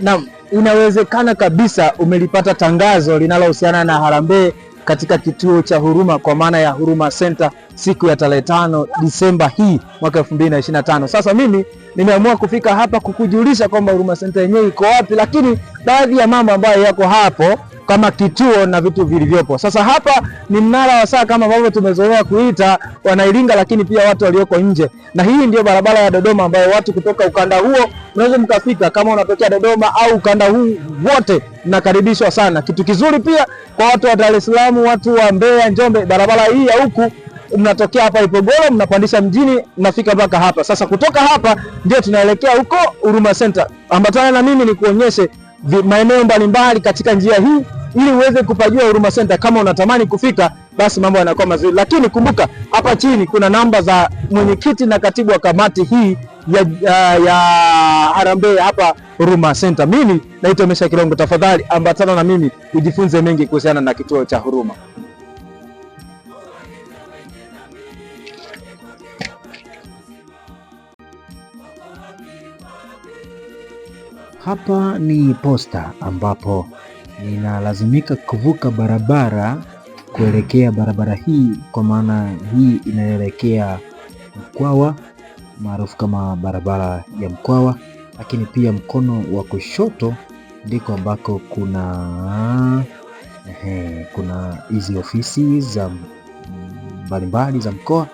Naam, inawezekana kabisa umelipata tangazo linalohusiana na harambee katika kituo cha Huruma kwa maana ya Huruma Center siku ya tarehe tano Disemba hii mwaka 2025. Sasa mimi nimeamua kufika hapa kukujulisha kwamba Huruma Center yenyewe iko wapi, lakini baadhi ya mambo ambayo yako hapo kama kituo na vitu vilivyopo sasa. Hapa ni mnara wa saa kama ambavyo tumezoea kuita Wanailinga, lakini pia watu walioko nje, na hii ndio barabara ya Dodoma ambayo watu kutoka ukanda huo mnaweza mkafika. Kama unatokea Dodoma au ukanda huu wote, nakaribishwa sana. Kitu kizuri pia kwa watu wa Dar es Salaam, watu wa Mbeya, Njombe, barabara hii ya huku mnatokea hapa Ipogoro, mnapandisha mjini, mnafika mpaka hapa. Sasa kutoka hapa ndio tunaelekea huko Huruma Center. Ambatana na mimi nikuonyeshe maeneo mbalimbali katika njia hii ili uweze kupajua Huruma Center kama unatamani kufika, basi mambo yanakuwa mazuri. Lakini kumbuka hapa chini kuna namba za mwenyekiti na katibu wa kamati hii ya, ya, uh, ya harambee hapa Huruma Center. Mimi naitwa Mesha Kilongo, tafadhali ambatana na mimi ujifunze mengi kuhusiana na kituo cha Huruma. Hapa ni posta ambapo ninalazimika kuvuka barabara kuelekea barabara hii, kwa maana hii inaelekea Mkwawa maarufu kama barabara ya Mkwawa, lakini pia mkono wa kushoto ndiko ambako kuna ehe, kuna hizi ofisi za mbalimbali za mkoa,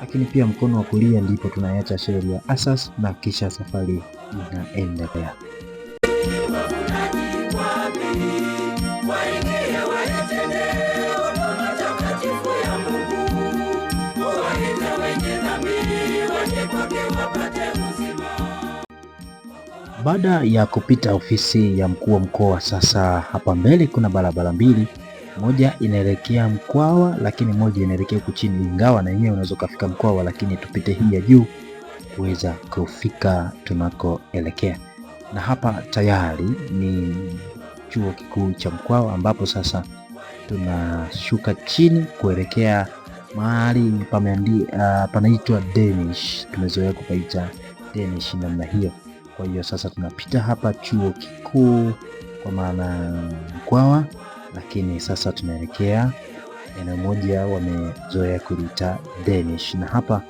lakini pia mkono wa kulia ndipo tunaacha sheria ya Asas na kisha safari inaendelea. Baada ya kupita ofisi ya mkuu wa mkoa, sasa hapa mbele kuna barabara mbili, moja inaelekea Mkwawa lakini moja inaelekea huku chini, ingawa na yenyewe unaweza ukafika Mkwawa, lakini tupite hii ya juu kuweza kufika tunakoelekea. Na hapa tayari ni chuo kikuu cha Mkwawa ambapo sasa tunashuka chini kuelekea mahali uh, panaitwa Danish, tumezoea kupaita Danish namna hiyo. Kwa hiyo sasa tunapita hapa chuo kikuu kwa maana Mkwawa, lakini sasa tunaelekea eneo moja wamezoea kuliita Danish, na hapa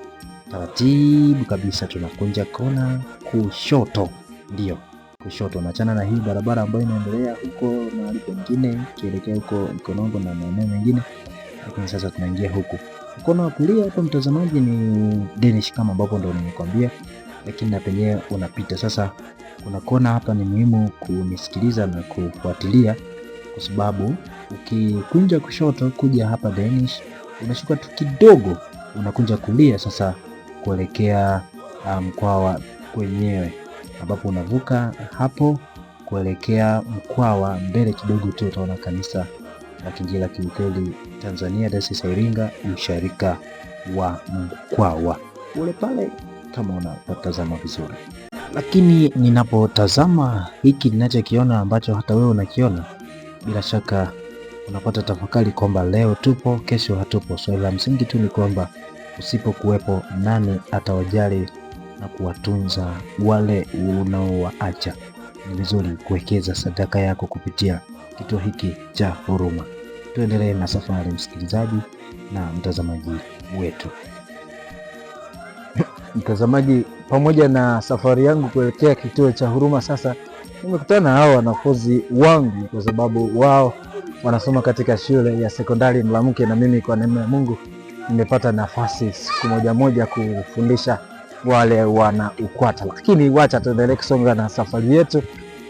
taratibu kabisa tunakunja kona kushoto, ndio kushoto, nachana na hii barabara ambayo inaendelea huko mahali pengine kielekea huko Ikonongo na maeneo mengine lakini sasa tunaingia huku mkono wa kulia hapa mtazamaji ni Danish kama ambapo ndo nimekwambia, lakini na penyewe unapita sasa. Kuna kona hapa, ni muhimu kunisikiliza na kufuatilia, kwa sababu ukikunja kushoto kuja hapa Danish, unashuka tu kidogo, unakunja kulia sasa kuelekea ah, Mkwawa um, kwenyewe ambapo unavuka hapo kuelekea Mkwawa, mbele kidogo tu utaona kanisa lakini la kiukweli, Tanzania Diocese ya Iringa msharika wa Mkwawa ule pale, kama unatazama vizuri. Lakini ninapotazama hiki ninachokiona ambacho hata wewe unakiona, bila shaka unapata tafakari kwamba leo tupo, kesho hatupo. Swali so, la msingi tu ni kwamba usipokuwepo, nani atawajali na kuwatunza wale unaowaacha? Ni vizuri kuwekeza sadaka yako kupitia kituo hiki cha huruma. Tuendelee na safari, msikilizaji na mtazamaji wetu. Mtazamaji, pamoja na safari yangu kuelekea kituo cha huruma, sasa nimekutana na hao wanafunzi wangu, kwa sababu wao wanasoma katika shule ya sekondari mlamke na mimi kwa neema ya Mungu nimepata nafasi siku moja moja kufundisha wale wana UKWATA, lakini wacha tuendelee kusonga na safari yetu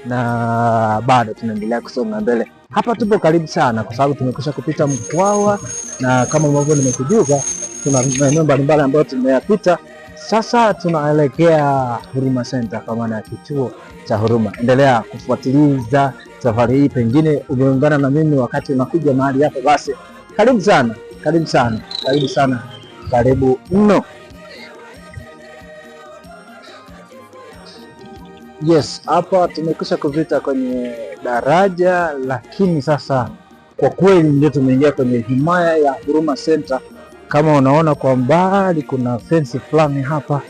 na bado tunaendelea kusonga mbele. Hapa tupo karibu sana, kwa sababu tumekwisha kupita Mkwawa na kama ambavyo nimekujuza, tuna maeneo mbalimbali ambayo tumeyapita. Sasa tunaelekea Huruma Center, kwa maana ya kituo cha Huruma. Endelea kufuatiliza safari hii, pengine umeungana na mimi wakati unakuja mahali hapo. Basi karibu sana, karibu sana, karibu sana, karibu mno. Yes, hapa tumekwisha kupita kwenye daraja, lakini sasa kwa kweli ndio tumeingia kwenye himaya ya Huruma Center. Kama unaona kwa mbali kuna fence fulani hapa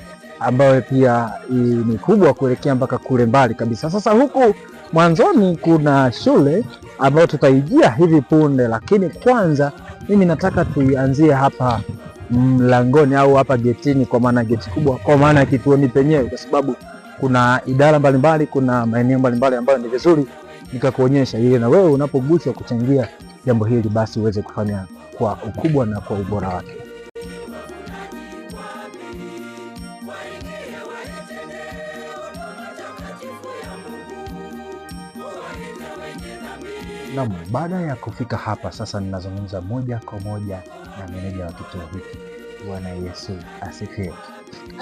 ambayo pia ni kubwa kuelekea mpaka kule mbali kabisa. Sasa huku mwanzoni kuna shule ambayo tutaijia hivi punde, lakini kwanza mimi nataka tuianzie hapa mlangoni au hapa getini, kwa maana geti kubwa, kwa maana kituoni penyewe, kwa sababu kuna idara mbalimbali, kuna maeneo mbalimbali ambayo ni vizuri nikakuonyesha, ili na wewe unapoguswa kuchangia jambo hili, basi uweze kufanya kwa ukubwa na kwa ubora wake. Naam, baada ya kufika hapa sasa, ninazungumza moja kwa moja na meneja wa kituo hiki. Bwana Yesu asifiwe.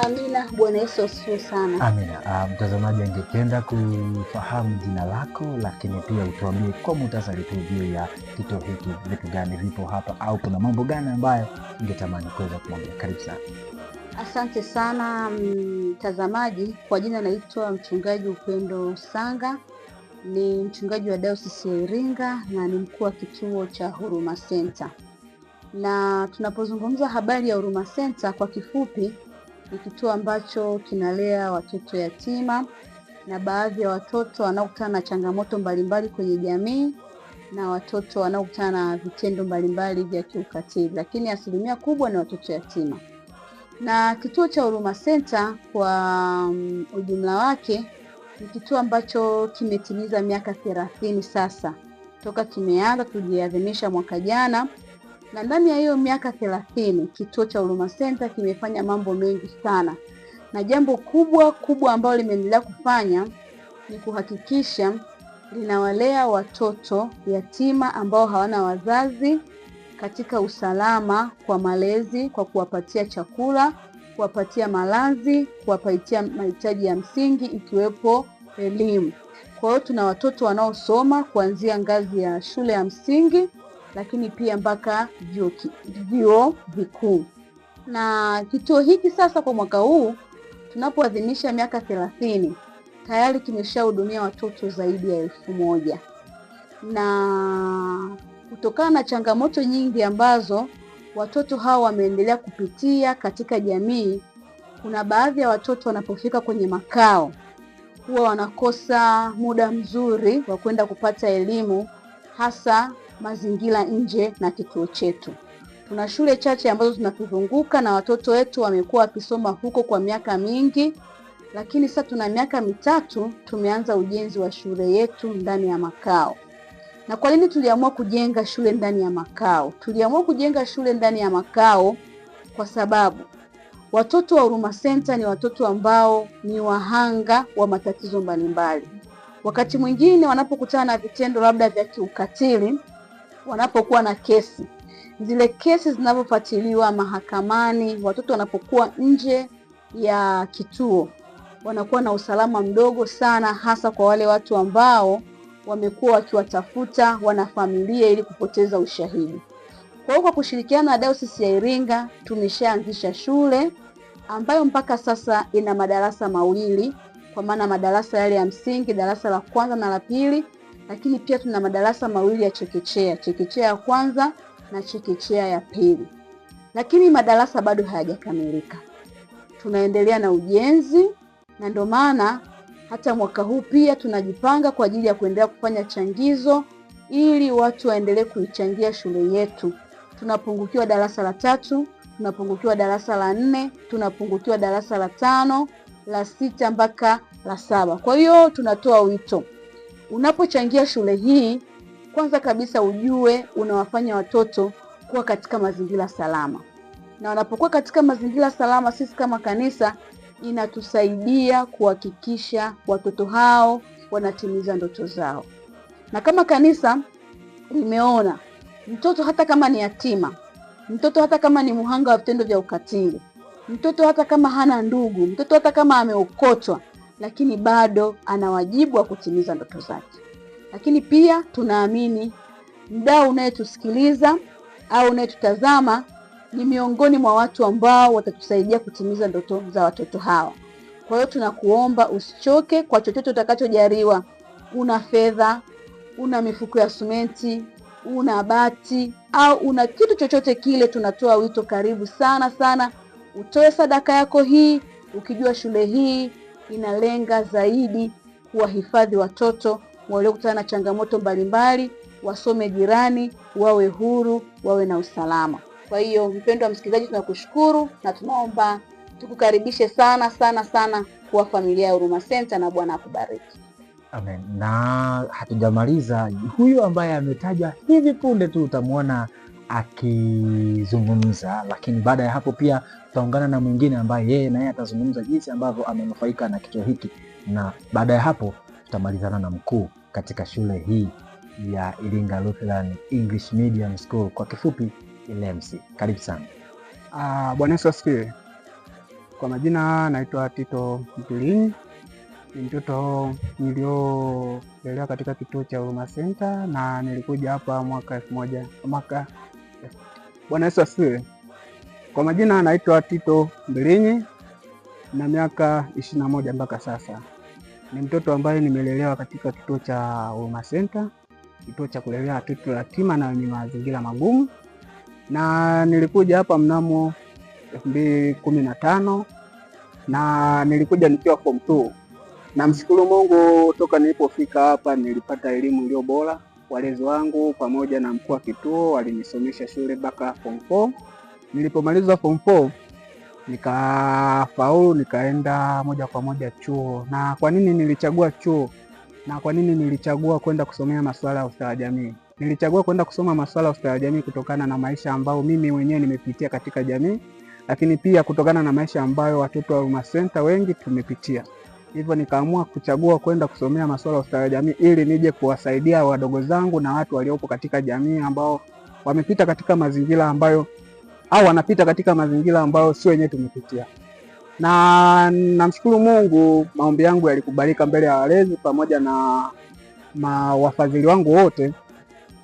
Amina. Bwana Yesu asifiwe sana. Amina. Ah, mtazamaji, angependa kufahamu jina lako, lakini pia utuambie kwa muhtasari tu juu ya kituo hiki, vitu gani vipo hapa, au kuna mambo gani ambayo ungetamani kuweza kumwambia. Karibu sana. Asante sana mtazamaji. Kwa jina naitwa Mchungaji Upendo Sanga, ni mchungaji wa Dayosisi ya Iringa na ni mkuu wa kituo cha Huruma Center na tunapozungumza habari ya Huruma Center, kwa kifupi, ni kituo ambacho kinalea watoto yatima na baadhi ya watoto wanaokutana na changamoto mbalimbali kwenye jamii na watoto wanaokutana na vitendo mbalimbali vya kiukatili, lakini asilimia kubwa ni watoto yatima. Na kituo cha Huruma Center kwa mm, ujumla wake ni kituo ambacho kimetimiza miaka thelathini sasa toka kimeanza, tuliadhimisha mwaka jana na ndani ya hiyo miaka thelathini kituo cha Huruma Center kimefanya mambo mengi sana, na jambo kubwa kubwa ambalo limeendelea kufanya ni kuhakikisha linawalea watoto yatima ambao hawana wazazi katika usalama kwa malezi, kwa kuwapatia chakula, kuwapatia malazi, kuwapatia mahitaji ya msingi ikiwepo elimu. Kwa hiyo tuna watoto wanaosoma kuanzia ngazi ya shule ya msingi lakini pia mpaka vyuo vikuu. Na kituo hiki sasa kwa mwaka huu tunapoadhimisha miaka thelathini tayari kimeshahudumia watoto zaidi ya elfu moja na kutokana na changamoto nyingi ambazo watoto hawa wameendelea kupitia katika jamii, kuna baadhi ya watoto wanapofika kwenye makao huwa wanakosa muda mzuri wa kwenda kupata elimu hasa mazingira nje na kituo chetu. Tuna shule chache ambazo zinatuzunguka na watoto wetu wamekuwa wakisoma huko kwa miaka mingi, lakini sasa tuna miaka mitatu tumeanza ujenzi wa shule yetu ndani ya makao. Na kwa nini tuliamua kujenga shule ndani ya makao? Tuliamua kujenga shule ndani ya makao kwa sababu watoto wa Huruma Center ni watoto ambao ni wahanga wa matatizo mbalimbali. Wakati mwingine wanapokutana na vitendo labda vya kiukatili wanapokuwa na kesi, zile kesi zinapofuatiliwa mahakamani, watoto wanapokuwa nje ya kituo wanakuwa na usalama mdogo sana, hasa kwa wale watu ambao wamekuwa wakiwatafuta wanafamilia ili kupoteza ushahidi. Kwa hiyo kwa kushirikiana na Dayosisi ya Iringa tumeshaanzisha shule ambayo mpaka sasa ina madarasa mawili, kwa maana madarasa yale ya msingi, darasa la kwanza na la pili, lakini pia tuna madarasa mawili ya chekechea, chekechea ya kwanza na chekechea ya pili, lakini madarasa bado hayajakamilika, tunaendelea na ujenzi, na ndio maana hata mwaka huu pia tunajipanga kwa ajili ya kuendelea kufanya changizo ili watu waendelee kuichangia shule yetu. Tunapungukiwa darasa la tatu, tunapungukiwa darasa la nne, tunapungukiwa darasa la tano, la sita mpaka la saba. Kwa hiyo tunatoa wito Unapochangia shule hii, kwanza kabisa ujue unawafanya watoto kuwa katika mazingira salama, na wanapokuwa katika mazingira salama, sisi kama kanisa inatusaidia kuhakikisha watoto hao wanatimiza ndoto zao, na kama kanisa limeona mtoto hata kama ni yatima, mtoto hata kama ni muhanga wa vitendo vya ukatili, mtoto hata kama hana ndugu, mtoto hata kama ameokotwa lakini bado ana wajibu wa kutimiza ndoto zake. Lakini pia tunaamini mdau unayetusikiliza au unayetutazama ni miongoni mwa watu ambao watatusaidia kutimiza ndoto za watoto hawa. Kwa hiyo tunakuomba usichoke kwa chochote utakachojaliwa. Una fedha, una mifuko ya simenti, una bati au una kitu chochote kile, tunatoa wito, karibu sana sana utoe sadaka yako hii, ukijua shule hii inalenga zaidi kuwahifadhi watoto waliokutana na changamoto mbalimbali, wasome jirani, wawe huru, wawe na usalama. Kwa hiyo mpendo wa msikilizaji, tunakushukuru na tunaomba tukukaribishe sana sana sana kuwa familia ya Huruma Center na Bwana akubariki. Amen. Na hatujamaliza, huyu ambaye ametajwa hivi punde tu utamwona akizungumza, lakini baada ya hapo pia tutaungana na mwingine ambaye yeye naye atazungumza jinsi ambavyo amenufaika na kituo hiki, na baada ya hapo tutamalizana na mkuu katika shule hii ya Iringa Lutheran English Medium School, kwa kifupi ILEMS. Karibu sana. Ah, Bwana Yesu asifiwe. Kwa majina naitwa Tito Mpilinyi, ni mtoto niliolelewa katika kituo cha Huruma Center na nilikuja hapa mwaka elfu moja mwaka Bwana Yesu asifiwe. Kwa majina anaitwa Tito Mbilinyi na miaka ishirini na moja mpaka sasa. Ni mtoto ambaye nimelelewa katika kituo cha Huruma Center, kituo cha kulelea watoto yatima na wenye mazingira magumu, na nilikuja hapa mnamo elfu mbili kumi na tano na nilikuja nikiwa form 2. Namshukuru Mungu, toka nilipofika hapa nilipata elimu iliyo bora Walezi wangu pamoja na mkuu wa kituo walinisomesha shule mpaka form 4. Nilipomaliza form 4 nikafaulu, nikaenda moja kwa moja chuo. Na kwa nini nilichagua chuo na kwa nini nilichagua kwenda kusomea masuala ya ustawi wa jamii? Nilichagua kwenda kusoma masuala ya ustawi wa jamii kutokana na maisha ambayo mimi mwenyewe nimepitia katika jamii, lakini pia kutokana na maisha ambayo watoto wa Huruma Center wengi tumepitia hivyo nikaamua kuchagua kwenda kusomea masuala ya ustawi wa jamii ili nije kuwasaidia wadogo zangu na watu waliopo katika jamii ambao wamepita katika mazingira ambayo au wanapita katika mazingira ambayo sio wenyewe tumepitia. Na namshukuru Mungu, maombi yangu yalikubalika mbele ya walezi pamoja na wafadhili wangu wote.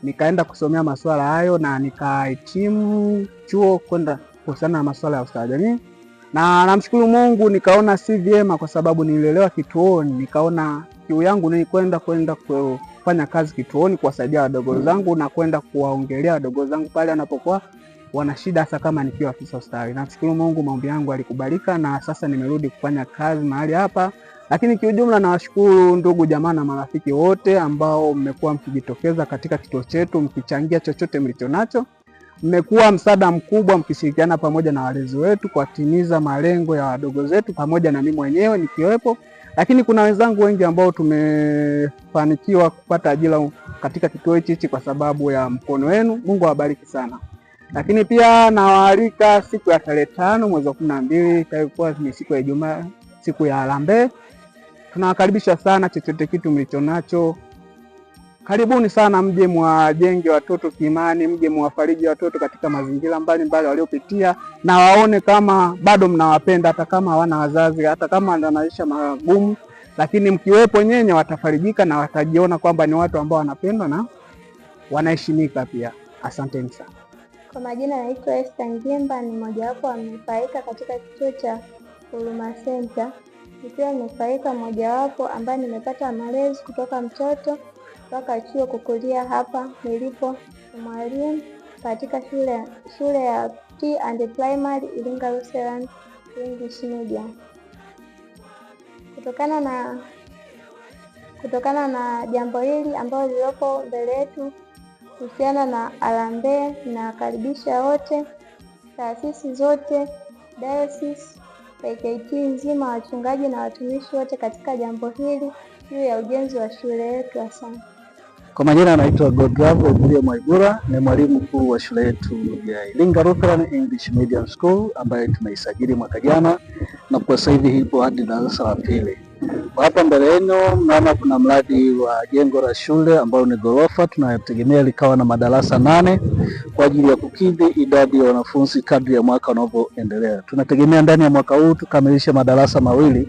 Nikaenda kusomea masuala hayo na nikahitimu chuo kwenda kuhusiana na masuala ya ustawi wa jamii na namshukuru Mungu, nikaona si vyema kwa sababu nililelewa kituoni, nikaona kiu yangu ni kwenda kwenda kufanya kazi kituoni kuwasaidia wadogo mm. zangu na kwenda kuwaongelea wadogo zangu pale wanapokuwa wana shida, hasa kama nikiwa afisa ustawi. Namshukuru Mungu, maombi yangu alikubalika na sasa nimerudi kufanya kazi mahali hapa. Lakini kiujumla, nawashukuru ndugu jamaa na marafiki wote ambao mmekuwa mkijitokeza katika kituo chetu mkichangia chochote mlicho nacho Mmekuwa msaada mkubwa mkishirikiana pamoja na walezi wetu kuwatimiza malengo ya wadogo zetu, pamoja na mimi mwenyewe nikiwepo, lakini kuna wenzangu wengi ambao tumefanikiwa kupata ajira katika kituo hichi hichi kwa sababu ya mkono wenu. Mungu awabariki sana. Lakini pia nawaalika siku ya tarehe tano mwezi wa kumi na mbili itakuwa ni siku ya Ijumaa, siku ya harambee. Tunawakaribisha sana, chochote kitu mlicho nacho Karibuni sana mje mwajenge watoto kiimani, mje mwafariji watoto katika mazingira mbalimbali waliopitia, na waone kama bado mnawapenda, hata kama hawana wazazi, hata kama wanaisha magumu, lakini mkiwepo nyenye watafarijika na watajiona kwamba ni watu ambao wanapendwa na wanaheshimika pia. Asanteni sana. Kwa majina naitwa Esther Ngemba, ni mojawapo wamefaika katika kituo cha Huruma Center, nikiwa nimenufaika mojawapo ambaye nimepata malezi kutoka mtoto mpaka chuo kukulia hapa nilipo mwalimu katika shule, shule ya P and Primary Iringa Lutheran English Media. Kutokana na kutokana na jambo hili ambalo lilipo mbele yetu kuhusiana na na karibisha wote, taasisi zote, dayosisi, KKKT nzima, wachungaji na watumishi wote katika jambo hili juu ya ujenzi wa shule yetu. Asante. Kwa majina anaitwa Godrav Ogulie Mwaibura, ni mwalimu mkuu wa shule yetu ya Iringa Lutheran English Medium School ambayo tumeisajili mwaka jana na kwa sasa hivi ipo hadi darasa la pili. Kwa hapa mbele yenu mnaona kuna mradi wa jengo la shule ambayo ni ghorofa, tunategemea likawa na madarasa nane kwa ajili ya kukidhi idadi ya wanafunzi kadri ya mwaka unavyoendelea. Tunategemea ndani ya mwaka huu tukamilishe madarasa mawili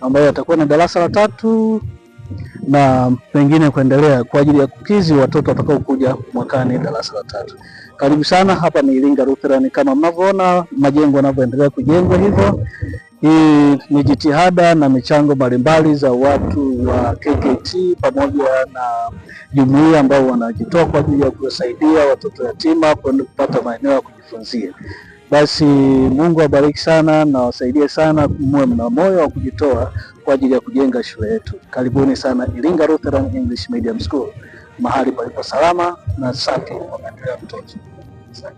ambayo yatakuwa na darasa la tatu na pengine kuendelea kwa ajili ya kukizi watoto watakao kuja mwakani darasa la tatu. Karibu sana, hapa ni Iringa Lutheran. Kama mnavyoona majengo yanavyoendelea kujengwa hivyo, hii ni jitihada na michango mbalimbali za watu wa KKT pamoja na jumuiya ambao wanajitoa kwa ajili ya kuwasaidia watoto yatima kwenda kupata maeneo ya kujifunzia. Basi Mungu awabariki sana na wasaidie sana, muwe mna moyo wa kujitoa kwa ajili ya kujenga shule yetu. Karibuni sana Iringa Lutheran English Medium School, mahali palipo salama na safi kwa maendeleo ya mtoto. Asante.